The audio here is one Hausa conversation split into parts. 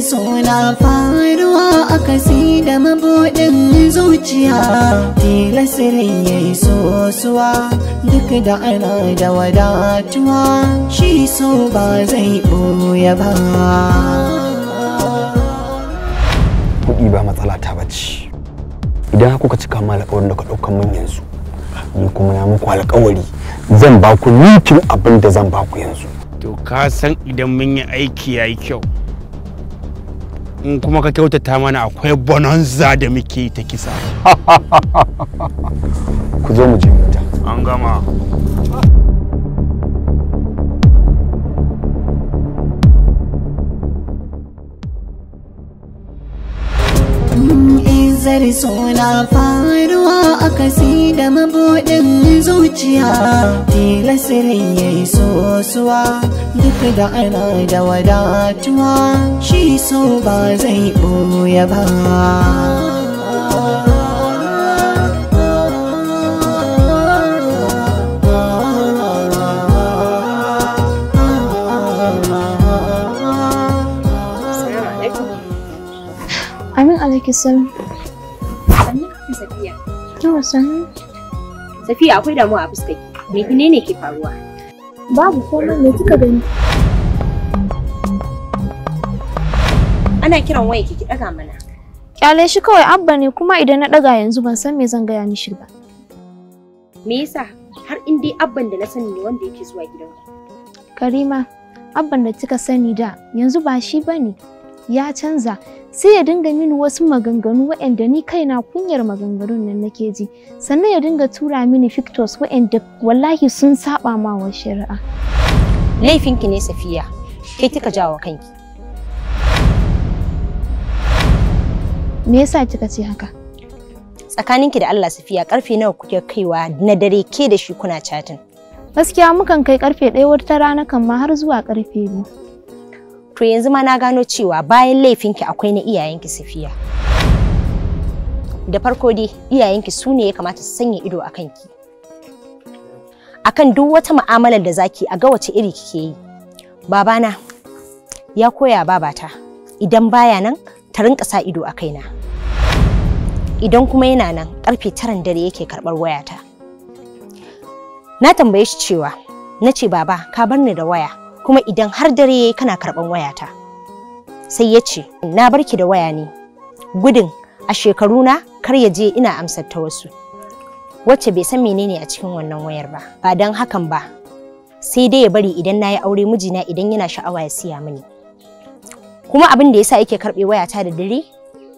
so na faruwa a kasi da mabuɗin zuciya sirin ya yi sosuwa duk da ana da wadatuwa shi so ba zai ɓoye ba kuɗi ba matsala ta bace idan kuka cika ma alƙawarin da ka ɗaukar min yanzu ni kuma na muku alƙawari zan ba ku nikin abin da zan ba ku yanzu to ka san idan mun yi aiki yayi kyau in kuma ka kyautata mana akwai bonanza da muke ta kisa ku zo mu je mota an gama nazar suna faruwa a kasi da mabuɗin zuciya sirin ya yi sosuwa duk da ana da wadatuwa shi so ba zai ɓoye ba Amin alaikisar. ta san. Safiya akwai damuwa a fuskar ki. Me ne ke faruwa? Babu komai me kika gani? Ana kiran waya ki ki daga mana. Kyale shi kawai abba ne kuma idan na daga yanzu ban san me zan gaya mishi ba. Me yasa har in dai abban da na sani ne wanda yake zuwa gidan Karima, abban da kika sani da yanzu ba shi bane. Ya canza sai ya dinga mini wasu maganganu waɗanda ni kaina kunyar maganganun nan nake ji sannan ya dinga tura mini fictors waɗanda wallahi sun saba ma wa shari'a laifinki ne safiya kai kika jawo kanki me yasa kika ce haka tsakaninki da Allah safiya karfe nawa kuke kaiwa na dare ke da shi kuna chatting gaskiya mukan kai karfe ɗaya wata rana kan ma har zuwa karfe biyu To yanzu ma na gano cewa bayan laifinki akwai na iyayenki Safiya. Da farko dai iyayenki su ne ya kamata su sanya ido a kanki. Akan duk wata mu'amalar da zaki a ga wace iri kike yi. Babana ya koya babata idan baya nan ta rinka sa ido a kaina. Idan kuma yana nan karfe taran dare yake karɓar wayata. Na tambaye shi cewa na ce baba ka bar ni da waya kuma idan har dare yayi kana karban wayata sai ya ce na barki da waya ne gudun a shekaru na kar ya je ina amsar ta wasu wacce bai san menene a cikin wannan wayar ba ba don hakan ba sai dai ya bari idan na yi aure mijina idan yana sha'awa ya siya mini kuma abin da yasa yake karɓe wayata da dare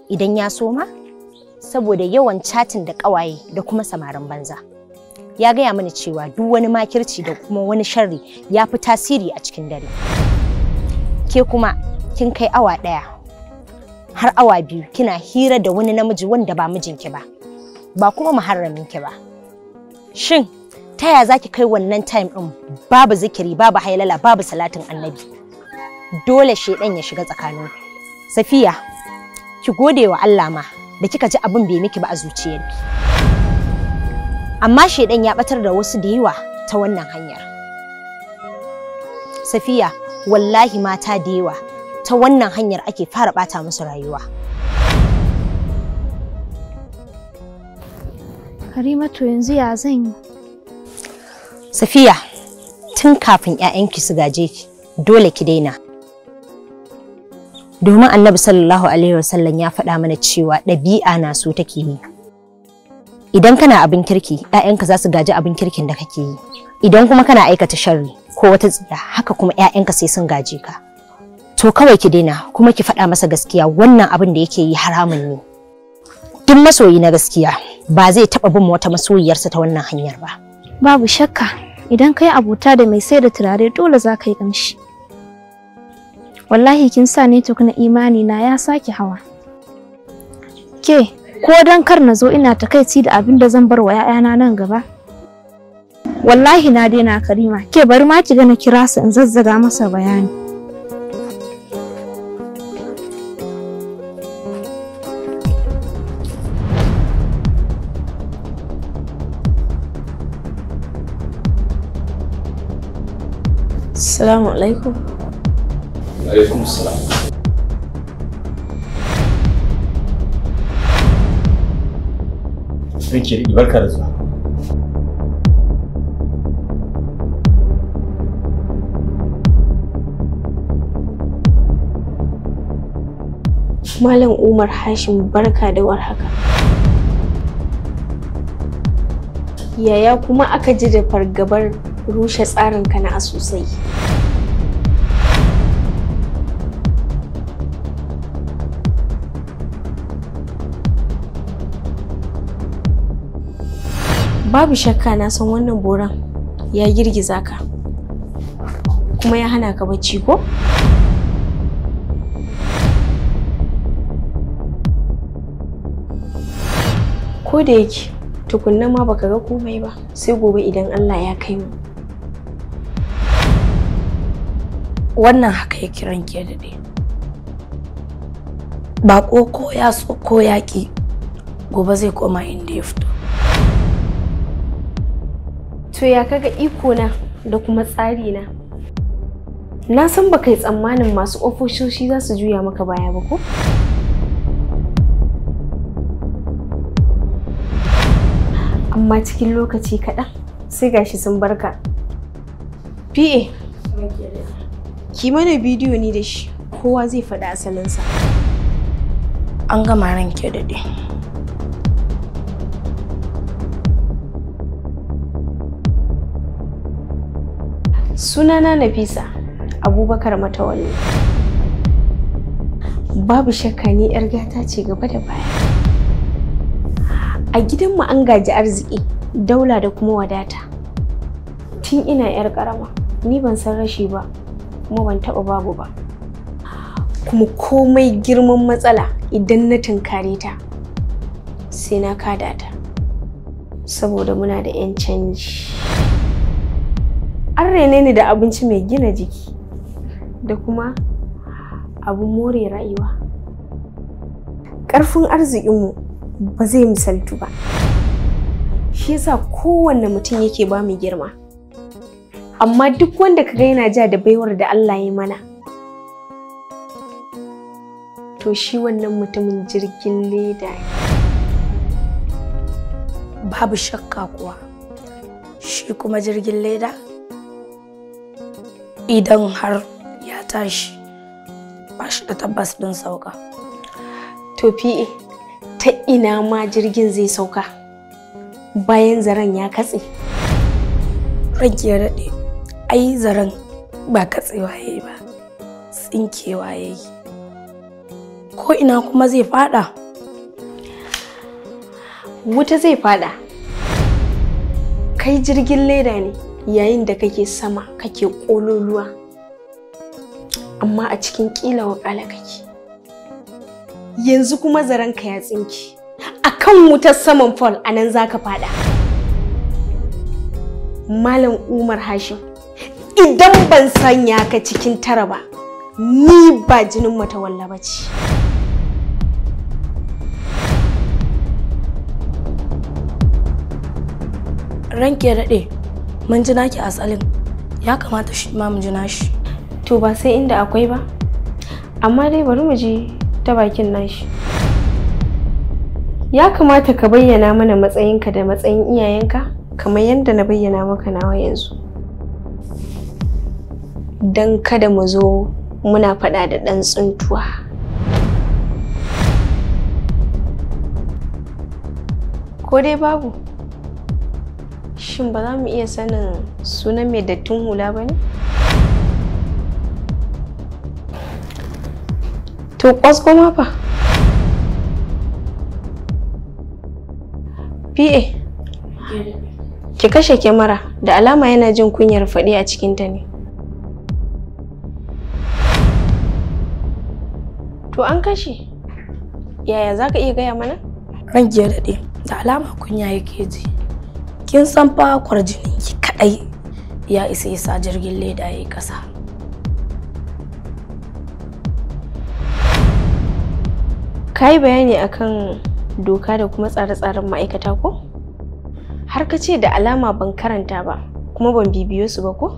idan ya soma saboda yawan catin da ƙawaye da kuma samarin banza. ya gaya mana cewa duk wani makirci da kuma wani sharri ya fi tasiri a cikin dare ke kuma kin kai awa ɗaya har awa biyu kina hira da wani namiji wanda ba mijinki ba ba kuma ki ba shin taya zaki za ki kai wannan time ɗin babu zikiri babu hailala babu salatin annabi dole ɗan ya shiga tsakanin safiya ki gode wa Allah ma da kika ji abin bai miki ba a zuciyarki amma shaidan ya batar da wasu da yawa ta wannan hanyar safiya wallahi mata da yawa ta wannan hanyar ake fara bata musu rayuwa Harimatu yanzu ya zan safiya tun kafin 'ya'yanki su gaje ki dole ki daina domin annabi sallallahu alaihi wasallam ya faɗa mana cewa ɗabi'a na so take yi idan kana abin kirki ‘ya'yanka za su gaji abin kirkin da kake yi idan kuma kana aikata sharri ko wata tsiya haka kuma ‘ya'yanka sai sun gaje ka to kawai ki daina kuma ki faɗa masa gaskiya wannan abin da yake yi haramun ne duk masoyi na gaskiya ba zai taɓa bin wata masoyiyarsa ta wannan hanyar ba babu shakka idan kai abota da mai sai da turare dole za ka yi ƙamshi wallahi kin sa to na imani na ya sake hawa ke ko dan kar na zo ina takaici da abin da zan bar wa 'ya'yana nan gaba wallahi na daina karima ke bari ma ki ga na kira su in zazzaga masa bayani Assalamu alaikum. Alaikum assalam. da zuwa. Malam Umar Hashim barka da warhaka. Yaya kuma aka ji da fargabar rushe tsarinka na sosai? babu shakka na san wannan boran ya girgiza ka kuma ya hana ka bacci ko ko da yake tukunna ma baka ga komai ba sai gobe idan Allah ya kai mu wannan haka ya kiran ke daɗe ba ko ya so ko yaƙi gobe zai koma inda ya fito To ya kaga iko na da kuma tsari na? Na san ba kai tsammanin masu ofishoshi za su juya maka baya ba ko? Amma cikin lokaci kaɗan sai gashi sun barka. PA, ki mana bidiyo ni da shi kowa zai faɗi asalinsa. An gama ranke da dai. sunana nafisa abubakar matawalli babu shakka ni yar gata ce gaba da baya a gidanmu an gaji arziki daula da kuma wadata tun ina yar karama ni ban san rashi ba kuma ban taba babu ba kuma komai girman matsala idan na tunkare ta sai na kada ta saboda muna da 'yan canji an rene ni da abinci mai gina jiki da kuma abun more rayuwa ƙarfin arzikinmu ba zai misaltu ba shi yasa kowanne mutum yake ba mu girma amma duk wanda kaga yana ja da baiwar da Allah ya mana to shi wannan mutumin jirgin leda babu shakka kuwa shi kuma jirgin leda idan har ya tashi ba shi da tabbas din sauka to fi'e ta ina ma jirgin zai sauka bayan zaren ya katse ranki ya daɗe ai zaren ba katsewa ya yi ba tsinkewa ya yi ko ina kuma zai fada wuta zai fada kai jirgin leda ne yayin da kake sama kake ƙololuwa amma a cikin ƙila ƙala kake yanzu kuma zaranka ya tsinki a kan wutar saman fall a nan za ka fada malam umar hashim idan ban sanya ka cikin tara ba ni ba jinin matawalla ba ce ranke daɗe mun ji naki asalin ya kamata shi ma mu ji nashi to ba sai inda akwai ba amma dai bari mu je ta bakin nashi ya kamata ka bayyana mana matsayinka da matsayin iyayenka kamar yadda na bayyana maka nawa yanzu don kada mu zo muna faɗa da ɗan tsuntuwa ko dai babu shin ba za mu iya sanin sunan mai dattin hula ba ne? To kwasko ma fa? PA, ki kashe kyamara da alama yana jin kunyar faɗi a cikinta ne. To an kashe, yaya za ka iya gaya mana? giya daɗe, da alama kunya yake ji. kin san fa kwarjinin ki kadai ya isa isa jirgin leda yayi kasa ka yi bayani akan doka da kuma tsare-tsaren ma'aikata ko har ka ce da alama ban karanta ba kuma ban bibiyo su ba ko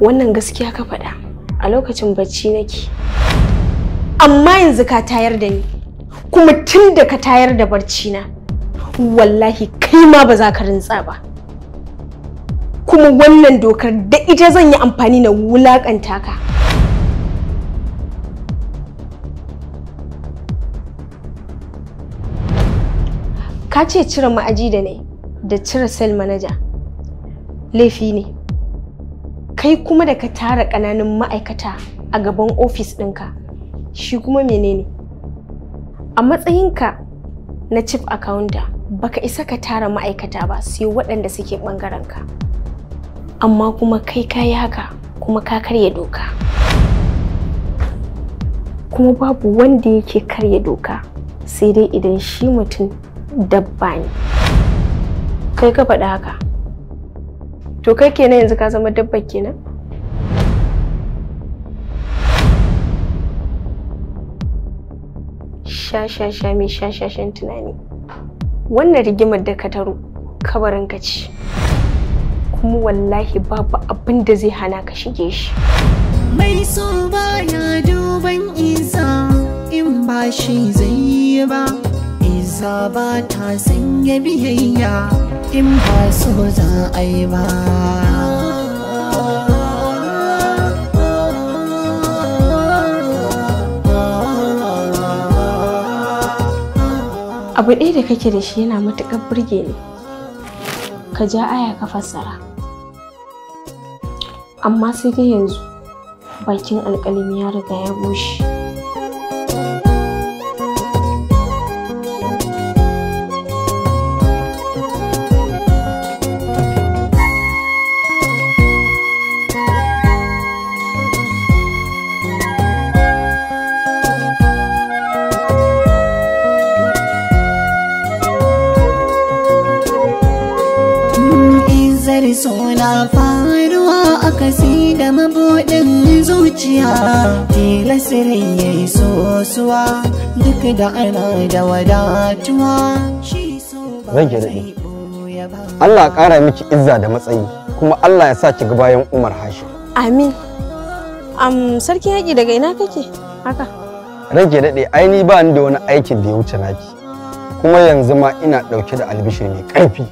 wannan gaskiya ka faɗa a lokacin bacci nake amma yanzu ka tayar da ni kuma tun da ka tayar da barci na wallahi kai ma ba za ka rintsa ba kuma wannan dokar da ita zan yi amfani na wulakanta ka ka ce cire ma'aji da ne da cire sel manaja laifi ne kai kuma da ka tara ƙananan ma'aikata a gaban ofis ɗinka shi kuma menene a matsayinka na chief accountant baka isa ka tara ma'aikata ba sai waɗanda suke ka. amma kuma kai ka yi haka kuma ka karya doka kuma babu wanda yake karya doka sai dai idan shi mutum dabba ne kai ka faɗi haka to kai kenan yanzu ka zama dabba kenan sha sha sha mai sha tunani wannan rigimar da ka taro kabarin ka ce kuma wallahi babu abin da zai hana ka shige shi mai so ya duban isa in ba shi zai yi ba isa ba ta sanya biyayya in ba so za a yi ba abu ɗaya da kake da shi yana matuƙar burge ni ka ja aya ka fassara amma sai dai yanzu bakin alƙalin ya riga ya bushe kasida mabuɗin zuciya tilasirin ya yi sosuwa duk da ana da wadatuwa rage daɗi Allah ƙara miki izza da matsayi kuma Allah ya sa ki ga bayan Umar Hashim amin am sarki yaƙi daga ina kake haka rage daɗe ai ni ba ni da wani aikin da ya wuce naki kuma yanzu ma ina ɗauke da albishir mai ƙarfi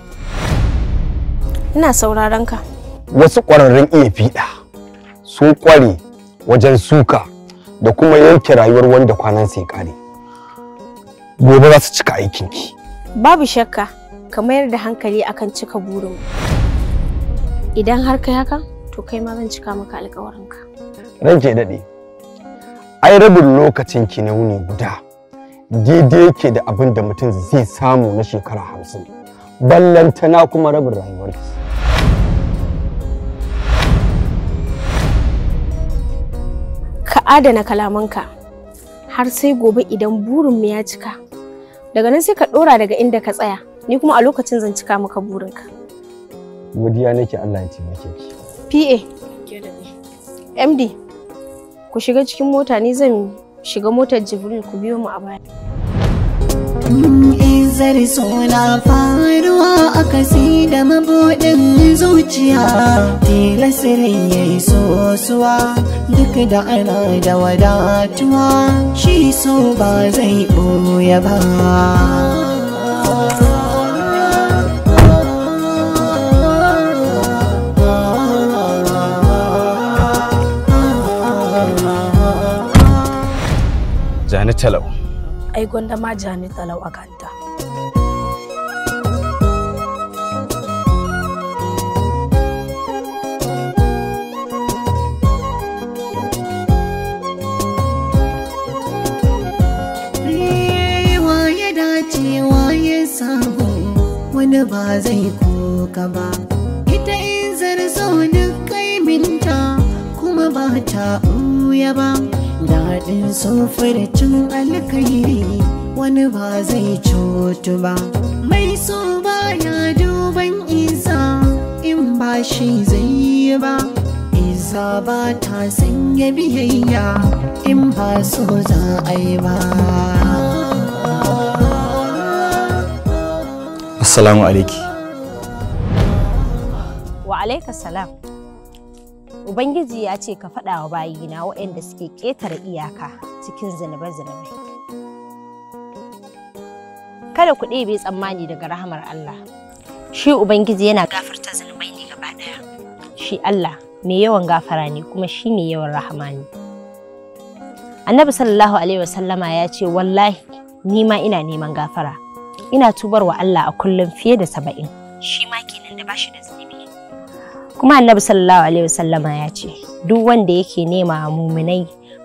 ina sauraron ka wasu ƙwararrun iya fiɗa sun ƙware wajen suka da kuma yanke rayuwar wanda kwanan sai ƙare gobe za su cika aikinki babu shakka ka mayar da hankali akan cika burin idan har kai haka to kai ma zan cika maka alƙawarinka ranke daɗe ai rabin lokacin ki na wuni guda daidai yake da abin da mutum zai samu na shekara hamsin ballantana kuma rabin rayuwarki adana kalamanka har sai gobe idan burinmu ya cika daga nan sai ka ɗora daga inda ka tsaya ni kuma a lokacin zan cika maka burinka godiya nake Allah ya taimake ki PA MD ku shiga cikin mota ni zan shiga motar Jibril ku biyo mu a baya zar suna faruwa a kasi da mabuɗin zuciya tilasirin ya yi sosuwa duk da ana da wadatuwa shi so ba zai ɓoye ba Jani talau. Ai gwanda ma jani talau a kanta. wani ba zai koka ba ita in zarzo kai kaiminta kuma ba ta uya ba daɗin cin alkairi wani ba zai cutu ba mai so ba ya duban isa in ba shi zai yi ba isa ba ta sanya biyayya in ba so za a yi ba Assalamu alaiki. Wa alaika salam. Ubangiji ya ce ka faɗa wa bayina waɗanda suke ƙetare iyaka cikin zinabe-zinabe. Kada ku ɗebe tsammani daga rahamar Allah. Shi Ubangiji yana gafarta zunubai ne gaba ɗaya. Shi Allah mai yawan gafara ne kuma shi mai yawan rahama ne. Annabi sallallahu Alaihi wasallama ya ce wallahi ni ma ina neman gafara. ina tubar wa Allah a kullum fiye da saba'in shi ma kenan da bashi da zunubi kuma annabi sallallahu alaihi wasallama ya ce duk wanda yake nema muminai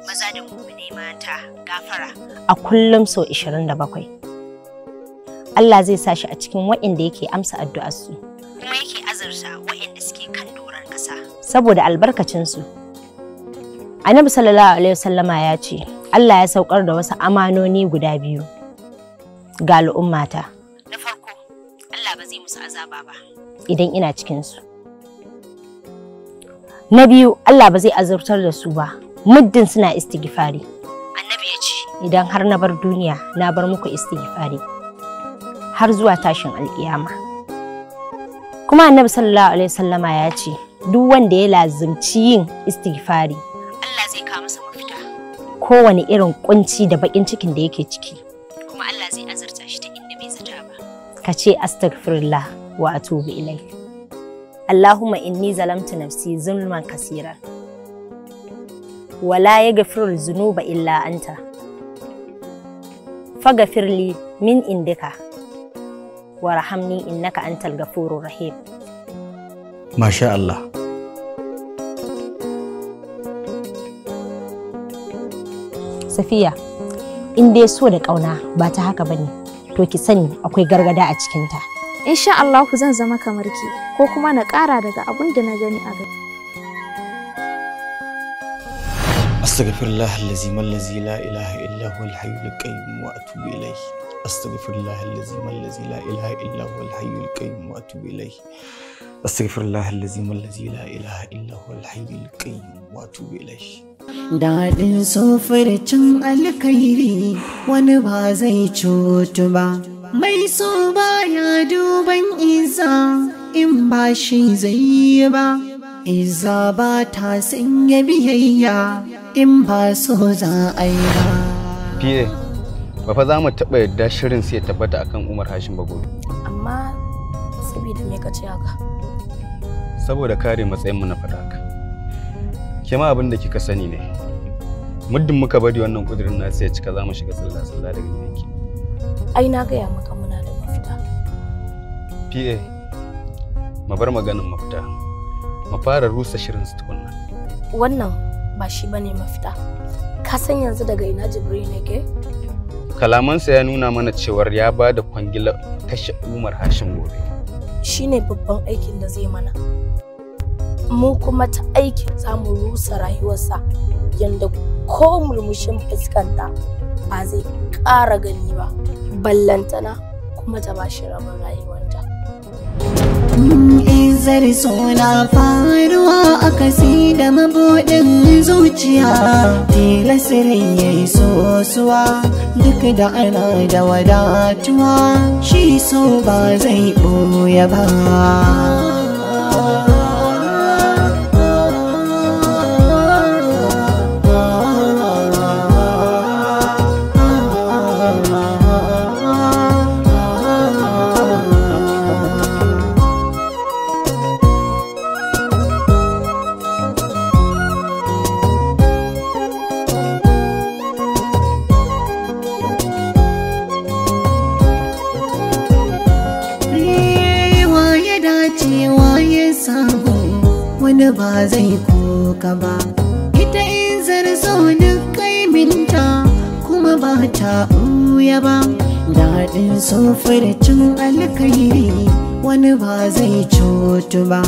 maza da muminai mata gafara a kullum sau 27 Allah zai sa shi a cikin waɗanda yake amsa addu'arsu kuma yake azurta waɗanda suke kan doron ƙasa saboda albarkacinsu annabi sallallahu alaihi wasallama ya ce Allah ya saukar da wasu amanoni guda biyu ga al'ummata. Na farko, Allah ba zai musu azaba ba. Idan ina cikinsu. Na biyu, Allah ba zai azurtar da su ba, muddin suna istighfari. Annabi ya ce, idan har na bar duniya, na bar muku istighfari. Har zuwa tashin alkiyama. Kuma Annabi sallallahu alaihi sallama ya ce, duk wanda ya lazimci yin istighfari, Allah zai kawo masa mafita. Kowane irin kunci da bakin cikin da yake ciki. ka ce astaghfirullah wa atubu ilai Allahumma inni zalamtu nafsi zulman kasira wala yaghfirul zunuba illa anta faghfirli min indika warhamni innaka antal ghafurur rahim Masha Allah Safiya in dai so da ƙauna ba ta haka bane to ki sani akwai gargada a cikinta. Insha Allah zan zama kamar ki ko kuma na kara daga abun da na gani a gari. Astagfirullah allazi mallazi la ilaha illa huwa al-hayyul qayyum wa atubu ilayhi. Astagfirullah allazi mallazi la ilaha illa huwa al-hayyul qayyum wa atubu ilayhi. Astagfirullah allazi mallazi la ilaha illa huwa al-hayyul qayyum wa daɗin sofurcin alkairi wani ba zai cutu ba mai so baya duban isa in ba shi zai yi ba isa ba ta sanya biyayya in ba so za a yi ba fiye ba fa za mu taɓa yadda shirin sai tabbata akan umar hashin bagoro amma saboda me ka ce haka saboda kare matsayinmu na faɗaka ke ma abin da kika sani ne muddin muka bari wannan kudirin nasu ya cika za mu shiga tsalla tsalla daga yanki ai na gaya maka muna da mafita pa ma bar maganin mafita mu fara rusa shirin su tukunna wannan ba shi bane mafita ka san yanzu daga ina jibril ne ke kalamansa ya nuna mana cewar ya ba da kwangila kashe umar hashin gobe shine babban aikin da zai mana mu kuma ta aikin mu rusa rayuwarsa yadda ko murmushin fuskanta ba zai ƙara gani ba ballantana kuma ta bashi rabin rayuwarta. Izar suna faruwa a kasi da mabuɗin zuciya tilasirin ya yi sosuwa duk da ana da wadatuwa shi so ba zai ɓoye ba. wani ba zai koka ba ita in zarzo kai kaiminta kuma ba ta uya ba daɗin cin alkairi wani ba zai cutu ba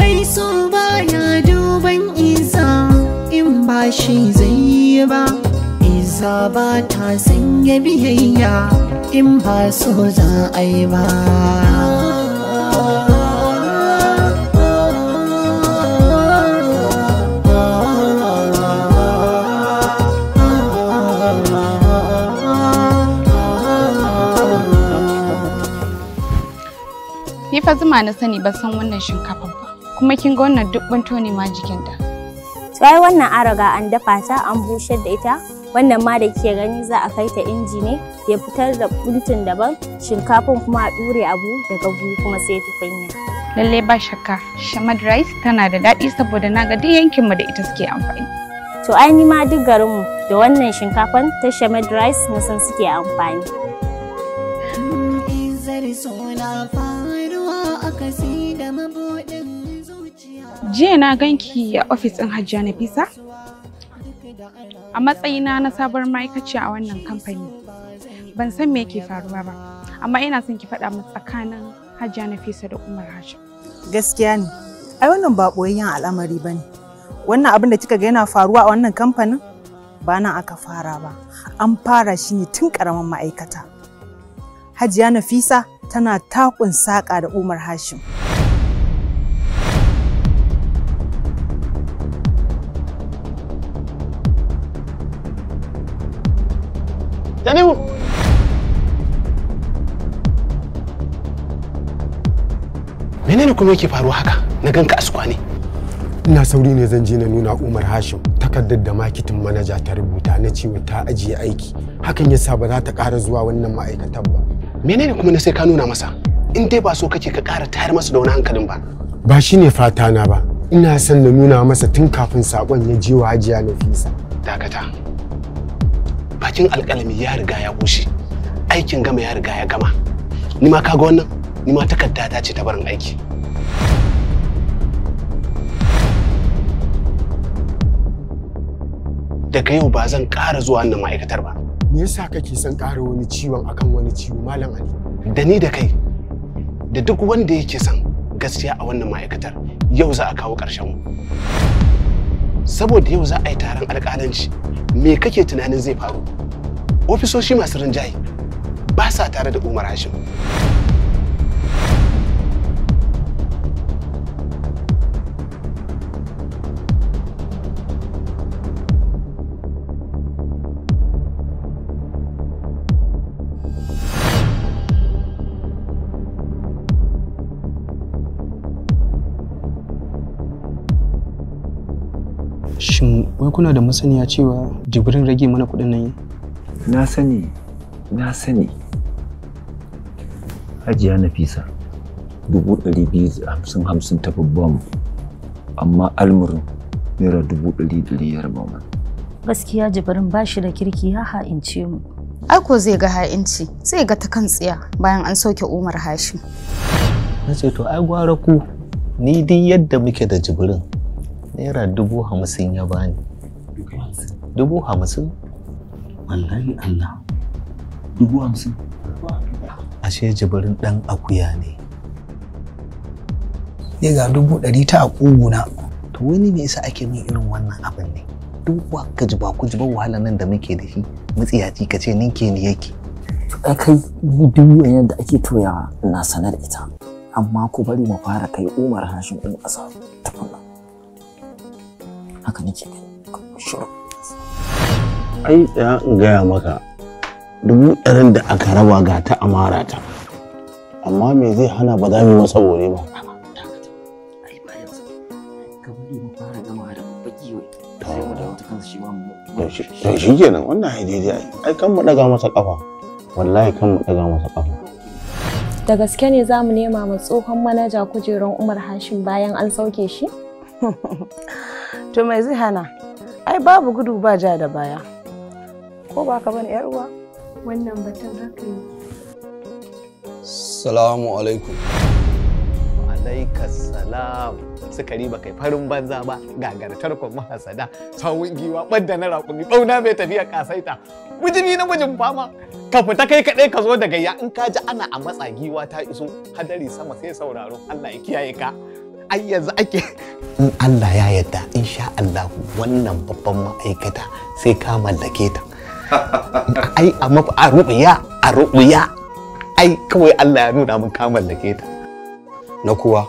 mai so ba ya duban isa in ba shi zai yi ba isa ba ta sanya biyayya in ba so za a yi ba ka zuma na sani ba san wannan shinkafa ba kuma kin ga wannan duk banto ne ma jikinta tsaye wannan araga an dafa ta an bushe da ita wannan ma da ke gani za a kai ta inji ne ya fitar da buntun daban shinkafin kuma a dure abu daga buhu kuma sai ta fanya. Lalle ba shakka shamad rice tana da daɗi saboda na ga duk mu da ita suke amfani. To ai ni ma duk garinmu da wannan shinkafan ta shamad rice na san suke amfani. jiya na ganki a ofis ɗin na nafisa a matsayina na sabar ma'aikaci a wannan kamfani ban san me yake faruwa ba amma ina son ki faɗa min tsakanin hajjiya nafisa da umar hajji gaskiya ne ai wannan ba ɓoyayyen al'amari ba ne wannan abin da kika ga yana faruwa a wannan kamfanin ba nan aka fara ba an fara shi ne tun ƙaramin ma'aikata hajiya nafisa tana takun saƙa da umar hashim Mene Menene kuma yake faruwa haka? Na ganka a ne. Ina sauri ne zan je na nuna Umar Hashim takardar da makitin manaja ta rubuta na cewa ta ajiye aiki. Hakan yasa ba za ta ƙara zuwa wannan ma'aikatan ba. Menene kuma na sai ka nuna masa? In dai ba so kake ka ƙara tayar masa da wani hankalin ba. Ba shine fata na ba. Ina son na nuna masa tun kafin sakon ya je wa Hajiya Nafisa. Dakata. bakin alƙalami ya riga ya bushe aikin gama ya riga ya gama ni ma kaga wannan ni ma takarda ta ce ta barin aiki daga yau ba zan ƙara zuwa wannan ma'aikatar ba me yasa kake son ƙara wani ciwon akan wani ciwo malam ali da ni da kai da duk wanda yake son gaskiya a wannan ma'aikatar yau za a kawo ƙarshen mu saboda yau za a yi taron alƙalanci me kake tunanin zai faru ofisoshi masu rinjaye ba sa tare da umar hashim shin wai kuna da masaniya cewa jibrin rage mana kuɗin nan na sani na sani hajiya fisa dubu ɗari biyu hamsin hamsin ta babban amma almurin naira dubu ɗari ɗari ya raba gaskiya jibrin ba shi da kirki ya ha'ince mu ai ko zai ga ha'inci zai ga ta kan tsiya bayan an sauke umar hashim na ce to ai gwara ku ni dai yadda muke da jibrin naira dubu hamsin ya bani dubu hamsin wallahi allah dubu hamsin ashe jibirin dan akuya ne ne ga dubu ɗari ta a ƙuguna to wani me yasa ake min irin wannan abin ne duk wa ka ji ba ku ji ba wahala nan da muke da shi mutsiyaci ka ce ninke ni yake kai ni duk da ake toyawa na sanar ita amma ku bari mu fara kai umar hashin ɗin ƙasa tukunna haka nake ai da in gaya maka dubu ɗarin da aka raba ga ta amara ta amma me zai hana ba za mu masa bore ba to shi da gaske ne za mu nema ma tsohon manaja kujerar umar hashim bayan an sauke shi to mai zihana ai babu gudu ba ja da baya ko ba ka bane uwa wannan batun haka ne salamu alaikum alaikas salam sukari ba kai farin banza ba gagartar kun mahasada sawun giwa ɓadda na raƙumi ɓauna mai tafiya kasaita bijimi na mijin fama ka fita kai kaɗai ka zo da gayya in ka ji ana a matsa giwa ta iso hadari sama sai sauraro Allah ya kiyaye ka ai yanzu ake in Allah ya yarda insha Allah wannan babban ma'aikata sai ka mallake ta ai a mafi a a ai kawai Allah ya nuna mun ka mallake ta na kuwa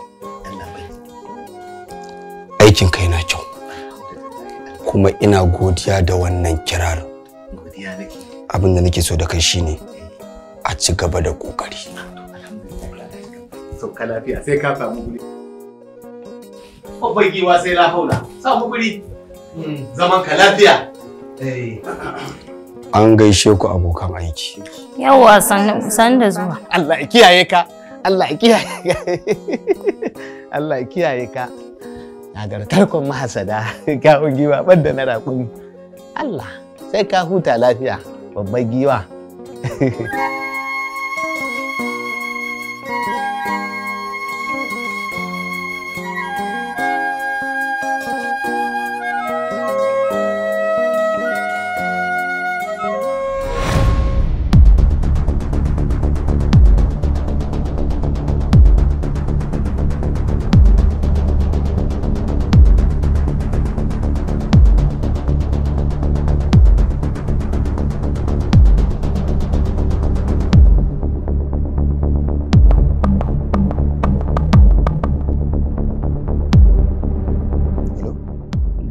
aikin kai na kyau kuma ina godiya da wannan kirar abin da nake so da kai shine a ci gaba da kokari lafiya sai ka samu guri babban giwa sai la haula sa mu guri hmm. zaman ka lafiya eh. an gaishe ku abokan aiki yawa san da zuwa Allah ya kiyaye ka Allah ya kiyaye ka Allah kiyaye ka nagartar kun mahasada kawun giwa banda na raƙumi Allah sai ka huta lafiya babban giwa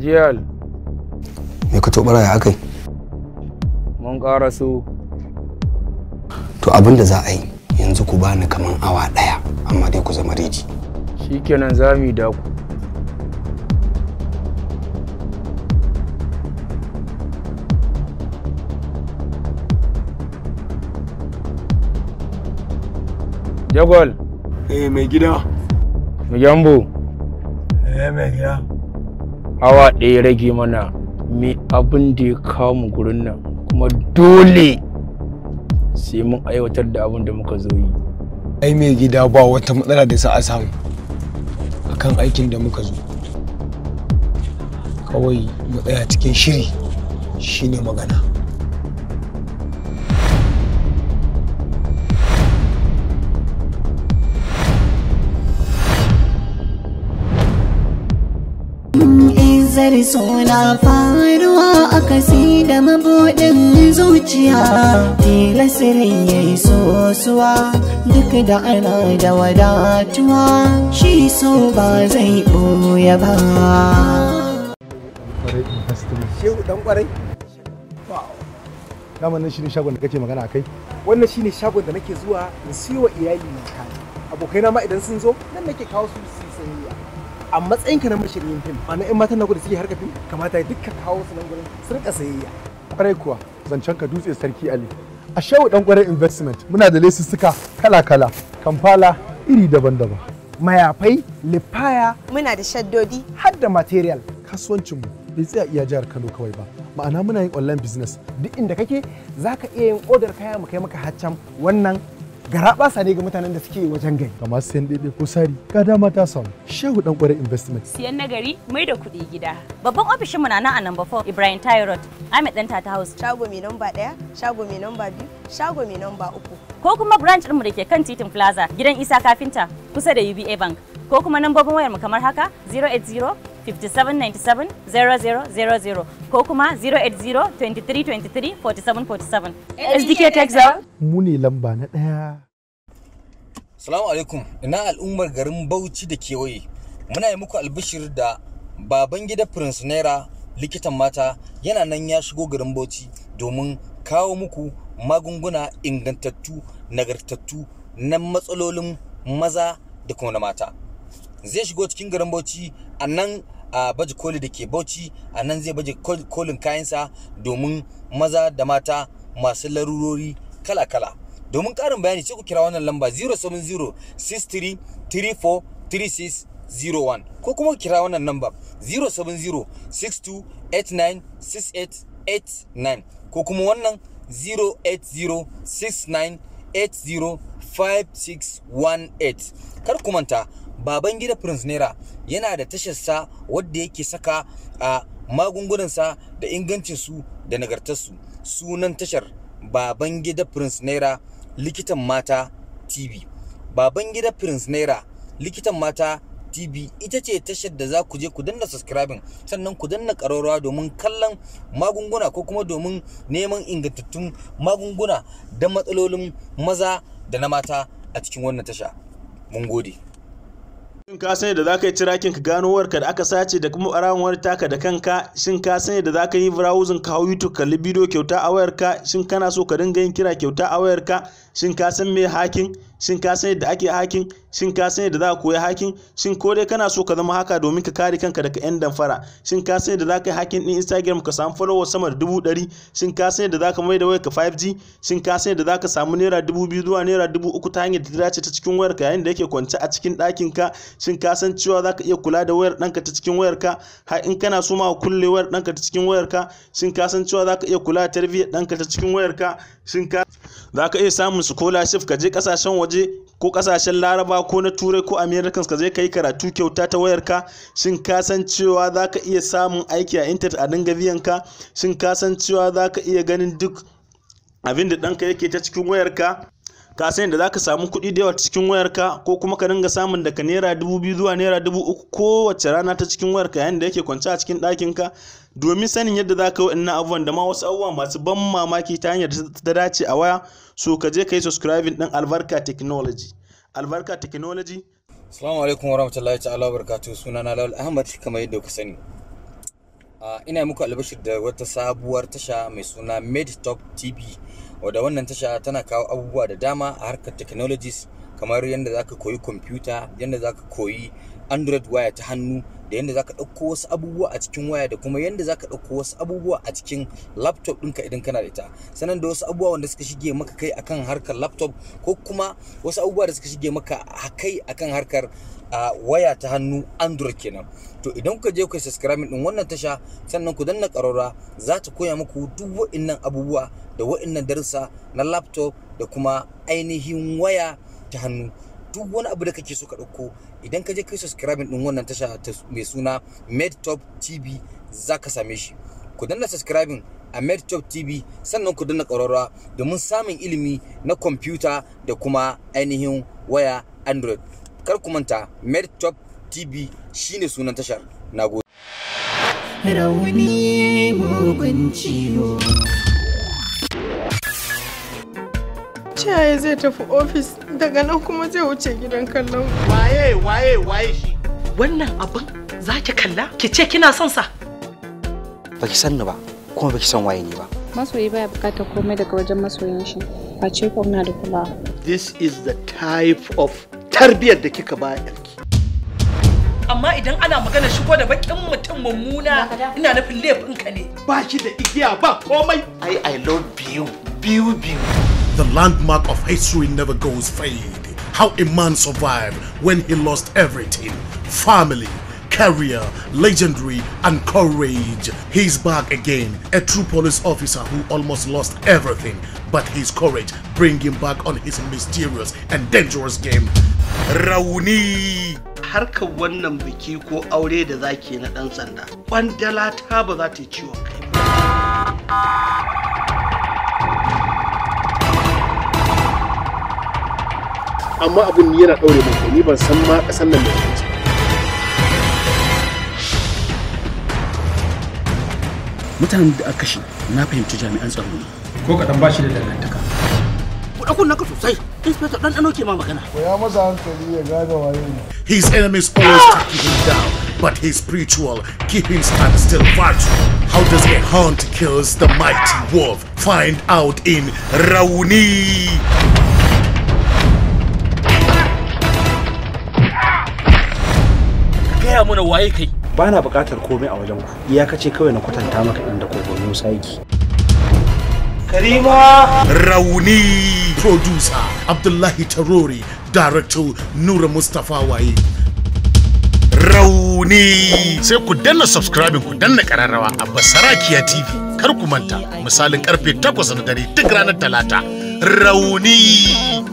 Jiyal. Me ka tobara ya akai? Mun ƙara su. To abin da za a yi yanzu ku bani kaman awa ɗaya amma dai ku zama reji. Shikenan za mu yi daku. Jagwal. Eh mai gida. Mu jambo. Eh mai gida. awa ɗaya rage mana me abin da ya kawo mu gurin nan kuma dole sai mun aiwatar da abin da muka zo yi ai mai gida ba wata matsala da sa a samu akan aikin da muka zo kawai mu tsaya cikin shiri shine magana zari suna faruwa a kasi da mabuɗin zuciya tila tilasirin ya yi sosuwa duk da ana da wadatuwa shi so ba zai ɓoye ba shehu dan kwarai shi ne shagon da kake magana a kai wannan shine shagon da nake zuwa in siyo iyali na kai abokaina ma idan sun zo nan nake kawo su su a matsayin ka na mashirin fim ba na 'yan matan naku da suke harka fim kamata ya dukkan kawo su nan gurin su rika sayayya kwarai kuwa zancen ka dutse sarki ali a shawu dan kwarai investment muna da suka kala-kala kamfala iri daban-daban mayafai lifaya muna da shaddodi har da material kasuwancin mu bai tsaya iya jihar Kano kawai ba ma'ana muna yin online business duk inda kake zaka iya yin odar kaya mu kai maka haccan wannan garaɓasa ne ga mutanen da suke wajen gari kamar sayan daidai ko sari ga dama ta samu shehu dan kwarai investment siyan nagari mai da kuɗi gida babban ofishin mu na nan a number 4 Ibrahim Tyrod Ahmed dan Tata House shago mai namba 1 shago mai namba 2 shago mai namba 3 ko kuma branch ɗinmu da ke kan titin Plaza gidan Isa Kafinta kusa da UBA Bank ko kuma nambobin wayar mu kamar haka 080 5797 ko kuma 080-2323-4747. SDK Texas. Mu ne lamba na ɗaya. Salamu alaikum, ina al'ummar garin Bauchi da kewaye. Muna yi muku albishir da baban gida Prince Naira likitan mata yana nan ya shigo garin Bauchi domin kawo muku magunguna ingantattu nagartattu na matsalolin maza da kuma na mata. Zai shigo cikin garin Bauchi a nan a baje koli da ke bauchi a nan zai baje kolin kayansa domin maza da mata masu larurori kala-kala domin karin bayani ce ku kira wannan lamba 070 63 34 3601 ko kuma kira wannan lamba 070 62 89 6889 ko kuma wannan 080-69-80-5618 kar ku manta baban gida prince naira yana da tasharsa wadda yake saka a magungunansa da ingancinsu da nagartarsu sunan tashar baban gida prince naira likitan mata tv baban gida prince naira likitan mata tv ita ce tashar da za ku je ku danna subscribing sannan ku danna ƙararrawa domin kallon magunguna ko kuma domin neman ingantattun magunguna da matsalolin maza da na mata a cikin wannan tasha mun gode Shin ka san yadda za ka yi tirakin ka gano warka da aka sace da kuma ɓarawar taka da kanka? Shin ka san yadda za ka yi burawuzin ka hau YouTube kalli bidiyo kyauta a wayarka? Shin kana so ka dinga yin kira kyauta a wayarka? Shin ka san me hakin. shin ka san yadda ake hakin shin ka san yadda za ka koyi hakin shin ko dai kana so ka zama haka domin ka kare kanka daga yan damfara shin ka san yadda za ka yi hakin din instagram ka samu followers sama da dubu ɗari shin ka san yadda za ka mai da wayar ka 5g shin ka san yadda za ka samu naira dubu biyu zuwa naira dubu uku ta hanyar da ta dace ta cikin wayar ka yayin da yake kwance a cikin ɗakin ka shin ka san cewa za ka iya kula da wayar ɗanka ta cikin wayar ka har in kana so ma kulle wayar ɗanka ta cikin wayar ka shin ka san cewa za ka iya kula da tarbiyyar ɗanka ta cikin wayar ka shin ka za ka iya samun scholarship ka je ƙasashen waje waje ko kasashen laraba ko na turai ko american ka zai kai karatu kyauta ta wayarka shin ka san cewa za ka iya samun aiki a intanet a dinga biyan ka shin ka san cewa za ka iya ganin duk abin da ɗanka yake ta cikin wayarka ka san yadda za ka samu kuɗi da yawa cikin wayarka ko kuma ka dinga samun daga naira dubu biyu zuwa naira dubu uku kowace rana ta cikin wayarka yayin da yake kwance a cikin ɗakinka domin sanin yadda za ka wa'in na abubuwan da ma wasu abubuwa masu ban mamaki ta hanyar ta dace a waya so ka je ka yi subscribing ɗin albarka technology albarka technology salamu alaikum warahmatullahi ta'ala suna na lawal ahmad kamar yadda ku sani ina muku albashir da wata sabuwar tasha mai suna made top tv wadda wannan tasha tana kawo abubuwa da dama a harkar technologies kamar yadda za ka koyi computer yadda za ka koyi android waya ta hannu da yadda zaka ɗauko wasu abubuwa a cikin waya da kuma yadda zaka ɗauko wasu abubuwa a cikin laptop ɗinka idan kana da ita sannan da wasu abubuwa wanda suka shige maka kai akan harkar laptop ko kuma wasu abubuwa da suka shige maka kai akan harkar a waya ta hannu android kenan to idan ku je ku subscribe din wannan tasha sannan ku danna karora za ta koya muku duk wa'innan abubuwa da wa'innan darussa na laptop da kuma ainihin waya ta hannu duk wani abu da kake so ka ɗauko idan ka je kai subscribing din wannan tasha mai suna medtop tv za ka same shi ku danna subscribing a medtop tv sannan ku danna ƙwararra domin samun ilimi na kwamfuta da kuma ainihin waya android kar ku manta medtop tv shine sunan tashar nagode rauni mugun ciwo yaya zai tafi ofis daga nan kuma zai wuce gidan kallon waye waye waye shi wannan abin za ki kalla ki ce kina son sa baki san ni ba kuma baki san waye ni ba masoyi baya bukata komai daga wajen masoyin shi ba ce na da kulawa this is the type of tarbiyyar da kika ba yarki amma idan ana magana shigo da bakin mutum mummuna ina nufin laifinka ne ba shi da igiya ba komai i i love you biyu biyu The landmark of history never goes fade. How a man survived when he lost everything. Family, career, legendary, and courage. He's back again, a true police officer who almost lost everything, but his courage bring him back on his mysterious and dangerous game. Rauni! Harkar wannan biki ko aure da zaki na ɗan sanda, kwandala ta ba za ta kai. amma abin yana ɗaure mako ni ban san ma ƙasan nan da ce mutanen da aka kashe na fahimci jami'an tsaro ne ko kaɗan ba shi da dangantaka ku ɗauko naka sosai inspector ɗan ɗano ke ma magana ko ya masa hankali ya gane waye ne his enemies always take him down but his spiritual keeping stand still virtue how does a hunt kills the mighty wolf find out in rauni mana waye kai ba na buƙatar komai a wajen ku iyakace kawai na kwatanta maka inda kogon musa yake Karima! Rauni! Producer Abdullahi Tarori, Director Nura mustafa Waye. Rauni! Sai ku danna subscribing ku danna kararrawa a Basarakiya TV. Kar ku manta misalin karfe 8 na dare duk ranar Talata. Rauni!